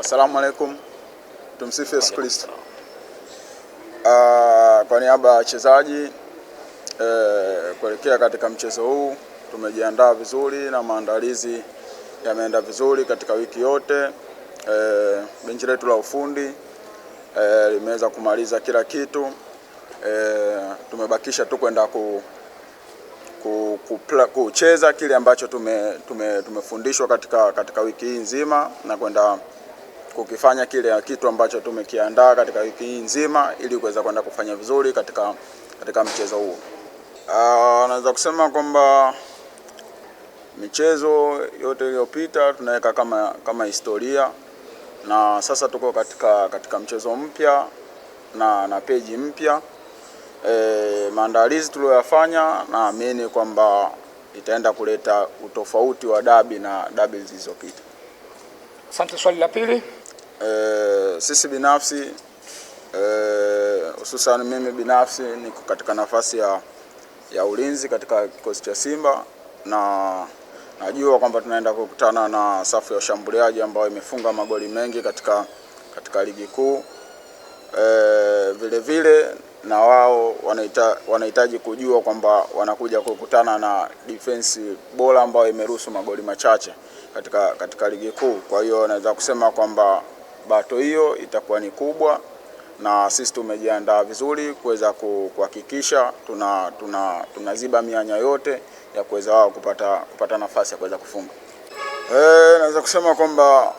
Assalamu alaykum. tumsifu Yesu Kristo. Uh, kwa niaba ya wachezaji eh, kuelekea katika mchezo huu tumejiandaa vizuri na maandalizi yameenda vizuri katika wiki yote. Eh, benchi letu la ufundi eh, limeweza kumaliza kila kitu eh, tumebakisha tu kwenda ku kucheza kile ambacho tume, tume, tumefundishwa katika, katika wiki hii nzima na kwenda kukifanya kile kitu ambacho tumekiandaa katika wiki hii nzima ili kuweza kwenda kufanya vizuri katika, katika mchezo huo. Ah, naweza kusema kwamba michezo yote iliyopita tunaweka kama, kama historia na sasa tuko katika, katika mchezo mpya na, na peji mpya e, maandalizi tuliyoyafanya naamini kwamba itaenda kuleta utofauti wa dabi na dabi zilizopita. Asante, swali la pili eh, sisi binafsi eh, hususan e, mimi binafsi niko katika nafasi ya, ya ulinzi katika kikosi cha Simba na najua kwamba tunaenda kukutana na safu ya washambuliaji ambayo imefunga magoli mengi katika, katika ligi kuu eh, e, vilevile na wao wanahitaji wanaita kujua kwamba wanakuja kukutana na defense bora ambayo imeruhusu magoli machache katika, katika ligi kuu. Kwa hiyo naweza kusema kwamba bato hiyo itakuwa ni kubwa, na sisi tumejiandaa vizuri kuweza kuhakikisha tuna tunaziba tuna mianya yote ya kuweza wao kupata, kupata nafasi ya kuweza kufunga. E, naweza kusema kwamba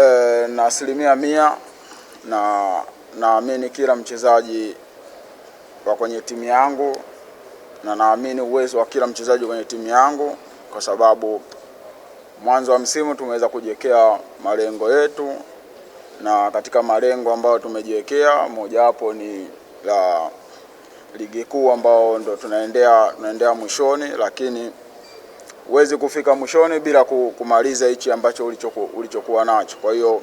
e, na asilimia mia na naamini kila mchezaji wa kwenye timu yangu na naamini uwezo wa kila mchezaji kwenye timu yangu kwa sababu mwanzo wa msimu tumeweza kujiwekea malengo yetu, na katika malengo ambayo tumejiwekea mojawapo ni la ligi kuu ambao ndo tunaendea tunaendea mwishoni, lakini huwezi kufika mwishoni bila kumaliza hichi ambacho ulichoku, ulichokuwa nacho. Kwa hiyo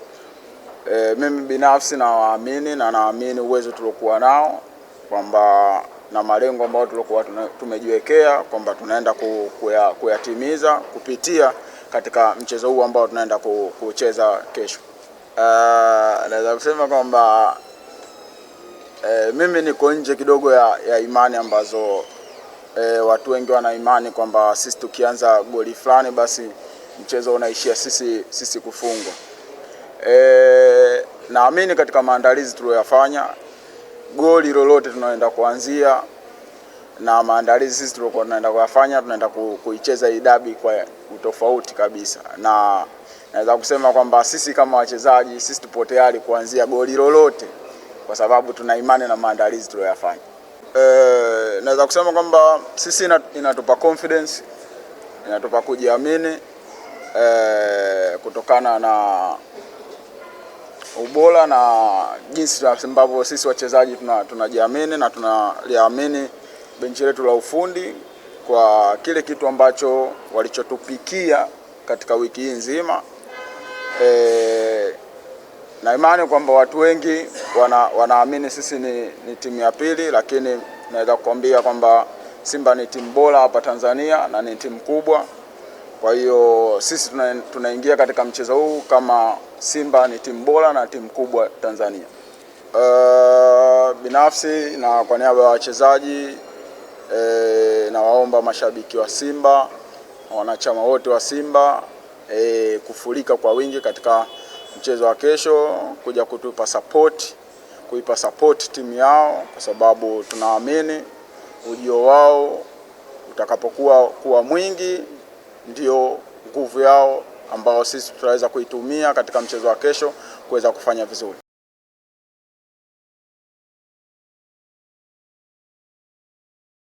e, mimi binafsi nawaamini na naamini uwezo tuliokuwa nao kwamba na malengo ambayo tulikuwa tumejiwekea kwamba tunaenda kuyatimiza kupitia katika mchezo huu ambao tunaenda kucheza kesho. Uh, naweza kusema kwamba eh, mimi niko nje kidogo ya, ya imani ambazo eh, watu wengi wana imani kwamba sisi tukianza goli fulani basi mchezo unaishia sisi sisi kufungwa. Eh, naamini katika maandalizi tuliyoyafanya goli lolote tunaenda kuanzia na maandalizi sisi tulikuwa tunaenda kuyafanya, tunaenda kuicheza hii dabi kwa utofauti kabisa, na naweza kusema kwamba sisi kama wachezaji sisi tupo tayari kuanzia goli lolote, kwa sababu tuna imani na maandalizi tuliyoyafanya. E, naweza kusema kwamba sisi inatupa confidence, inatupa kujiamini e, kutokana na ubora na jinsi ambavyo sisi wachezaji tunajiamini tuna na tunaliamini benchi letu la ufundi kwa kile kitu ambacho walichotupikia katika wiki hii nzima e, na imani kwamba watu wengi wana, wanaamini sisi ni, ni timu ya pili, lakini naweza kukwambia kwamba Simba ni timu bora hapa Tanzania na ni timu kubwa. Kwa hiyo sisi tuna, tunaingia katika mchezo huu kama Simba ni timu bora na timu kubwa Tanzania. Uh, binafsi na kwa niaba ya wachezaji e, nawaomba mashabiki wa Simba wanachama wote wa Simba e, kufurika kwa wingi katika mchezo wa kesho kuja kutupa support, kuipa support timu yao kwa sababu tunaamini ujio wao utakapokuwa kuwa mwingi ndio nguvu yao ambao sisi tutaweza kuitumia katika mchezo wa kesho kuweza kufanya vizuri.